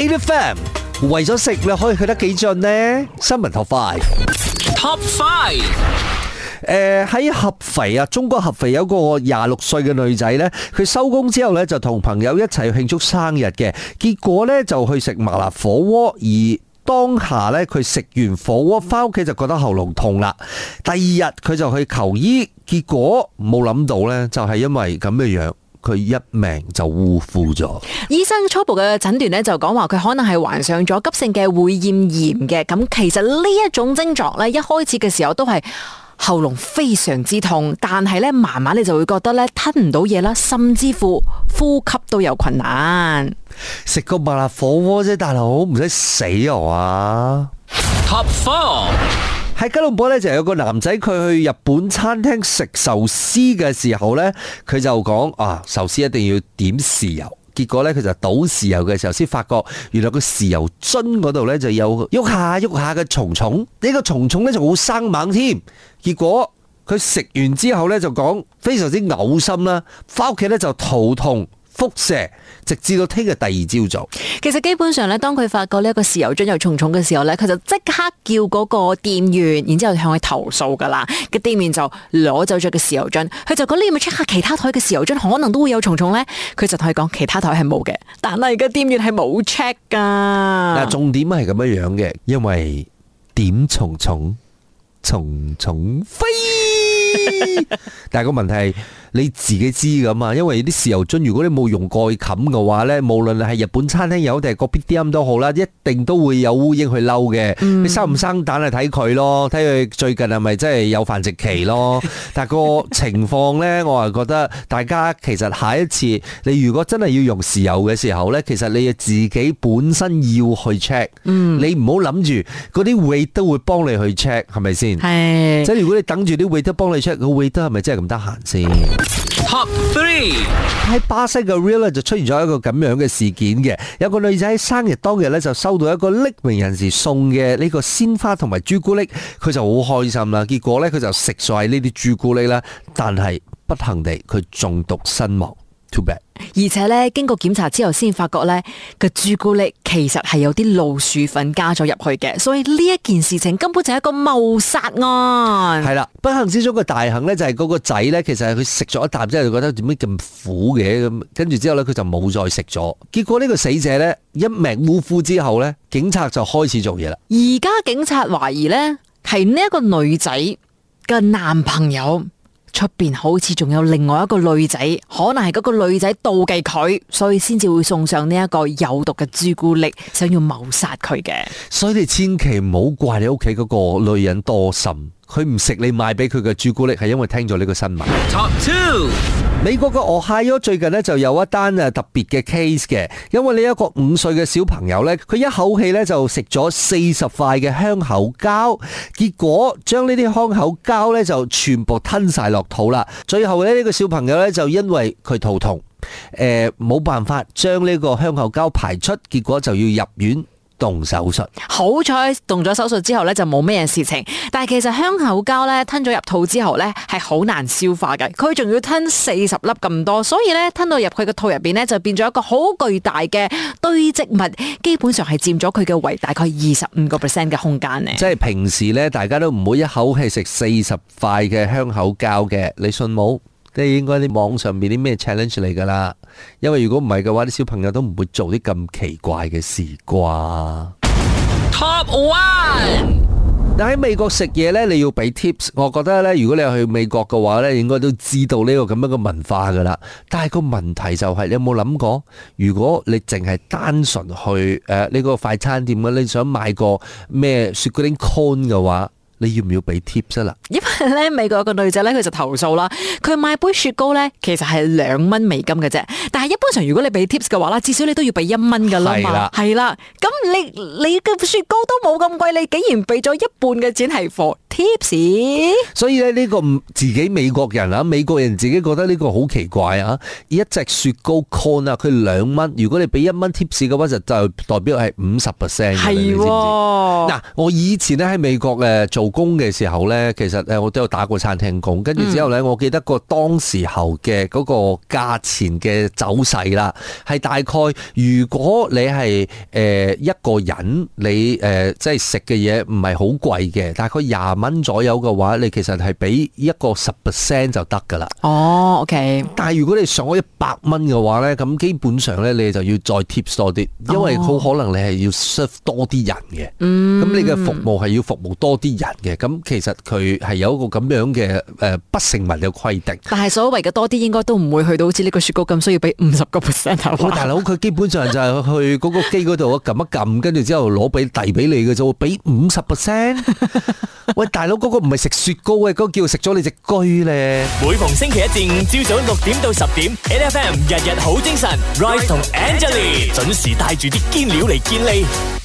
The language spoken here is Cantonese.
eight fam 為咗食，你可以去得幾盡呢？新聞 top five，top five，誒，喺合肥啊，中國合肥有個廿六歲嘅女仔咧，佢收工之後咧就同朋友一齊慶祝生日嘅，結果咧就去食麻辣火鍋，而當下咧佢食完火鍋翻屋企就覺得喉嚨痛啦，第二日佢就去求醫，結果冇諗到咧就係因為咁嘅樣，佢一命就嗚呼咗。醫生初步嘅診斷咧就講話佢可能係患上咗急性嘅會厭炎嘅。咁其實徵作呢一種症狀咧，一開始嘅時候都係喉嚨非常之痛，但係咧慢慢你就會覺得咧吞唔到嘢啦，甚至乎呼吸都有困難。食個麻辣火鍋啫，大佬唔使死我啊！Top four。喺吉隆坡咧，就有個男仔，佢去日本餐廳食壽司嘅時候呢，佢就講啊，壽司一定要點豉油。結果呢，佢就倒豉油嘅時候，先發覺原來個豉油樽嗰度呢，就有喐下喐下嘅蟲蟲。呢個蟲蟲呢，就好生猛添。結果佢食完之後呢，就講非常之嘔心啦，翻屋企呢就肚痛。輻射直至到聽日第二朝早。其實基本上咧，當佢發覺呢一個豉油樽有蟲蟲嘅時候咧，佢就即刻叫嗰個店員，然之後向佢投訴噶啦。個店員就攞走咗個豉油樽，佢就講：你要 check 下其他台嘅豉油樽，可能都會有蟲蟲咧？佢就同佢講：其他台係冇嘅，但係個店員係冇 check 噶。嗱，重點係咁樣樣嘅，因為點蟲蟲蟲蟲飛， 但係個問題係。你自己知㗎嘛，因為啲豉油樽如果你冇用蓋冚嘅話咧，無論你係日本餐廳有定係個 b i d i 都好啦，一定都會有烏蠅去嬲嘅。嗯、你生唔生蛋係睇佢咯，睇佢最近係咪真係有繁殖期咯。但係個情況咧， 我係覺得大家其實下一次你如果真係要用豉油嘅時候咧，其實你要自己本身要去 check。嗯、你唔好諗住嗰啲 waiter 都會幫你去 check 係咪先？即係是如果你等住啲 waiter 都幫你 check，個 waiter 係咪真係咁得閒先？Top Three 喺巴西嘅 Real 咧就出現咗一個咁樣嘅事件嘅，有個女仔喺生日當日呢，就收到一個匿名人士送嘅呢個鮮花同埋朱古力，佢就好開心啦。結果呢，佢就食晒呢啲朱古力啦，但係不幸地佢中毒身亡。Too 而且咧，經過檢查之後，先發覺咧個朱古力其實係有啲老鼠粉加咗入去嘅，所以呢一件事情根本就係一個謀殺案。係啦，不幸之中嘅大幸咧，就係、是、嗰個仔咧，其實係佢食咗一啖之後，就覺得點解咁苦嘅咁，跟住之後咧，佢就冇再食咗。結果呢個死者咧一命嗚呼之後咧，警察就開始做嘢啦。而家警察懷疑咧係呢一個女仔嘅男朋友。出邊好似仲有另外一個女仔，可能係嗰個女仔妒忌佢，所以先至會送上呢一個有毒嘅朱古力，想要謀殺佢嘅。所以你千祈唔好怪你屋企嗰個女人多心。佢唔食你賣俾佢嘅朱古力，係因為聽咗呢個新聞。Top t 美國嘅俄亥俄最近呢，就有一單啊特別嘅 case 嘅，因為呢一個五歲嘅小朋友呢，佢一口氣呢，就食咗四十塊嘅香口膠，結果將呢啲香口膠呢，就全部吞晒落肚啦。最後呢，呢個小朋友呢，就因為佢肚痛，誒、呃、冇辦法將呢個香口膠排出，結果就要入院。動手術，好彩動咗手術之後咧就冇咩事情。但係其實香口膠咧吞咗入肚之後咧係好難消化嘅，佢仲要吞四十粒咁多，所以咧吞到入佢個肚入邊咧就變咗一個好巨大嘅堆積物，基本上係佔咗佢嘅胃大概二十五個 percent 嘅空間咧。即係平時咧大家都唔會一口氣食四十塊嘅香口膠嘅，你信冇？即係應該啲網上面啲咩 challenge 嚟噶啦，因為如果唔係嘅話，啲小朋友都唔會做啲咁奇怪嘅事啩。Top one，但喺美國食嘢呢，你要俾 tips。我覺得呢，如果你去美國嘅話呢，應該都知道呢個咁樣嘅文化噶啦。但係個問題就係，你有冇諗過，如果你淨係單純去誒呢個快餐店嘅，你想買個咩雪糕筒 cone 嘅話？你要唔要俾 tips 啦？因為咧，美國有個女仔咧，佢就投訴啦。佢買杯雪糕咧，其實係兩蚊美金嘅啫。但係，一般上如果你俾 tips 嘅話啦，至少你都要俾一蚊噶啦嘛。係啦，係啦，咁你你嘅雪糕都冇咁貴，你竟然俾咗一半嘅錢係貨。Tips，所以咧呢個自己美國人啊，美國人自己覺得呢個好奇怪啊！一隻雪糕 cone 啊，佢兩蚊，如果你俾一蚊 tips 嘅話，就就代表係五十 percent 嘅。嗱是、哦啊，我以前咧喺美國誒做工嘅時候咧，其實誒我都有打過餐廳工，跟住之後咧，我記得個當時候嘅嗰個價錢嘅走勢啦，係、嗯、大概如果你係誒一個人，你誒即係食嘅嘢唔係好貴嘅，大概廿蚊。蚊左右嘅話，你其實係俾一個十 percent 就得噶啦。哦、oh，OK。但係如果你上咗一百蚊嘅話咧，咁基本上咧你就要再 tips 多啲，因為好可能你係要 serve 多啲人嘅。咁、oh. 你嘅服務係要服務多啲人嘅，咁其實佢係有一個咁樣嘅誒不成文嘅規定。但係所謂嘅多啲，應該都唔會去到好似呢個雪糕咁，需要俾五十個 percent。我大佬，佢、哦、基本上就係去嗰個機嗰度撳一撳，跟住之後攞俾遞俾你嘅就會俾五十 percent。喂！大佬嗰個唔係食雪糕啊。嗰叫食咗你隻居咧。每逢星期一至五朝早六點到十點，NFM 日日好精神，Rise Right 同 Angelina 準時帶住啲堅料嚟見你。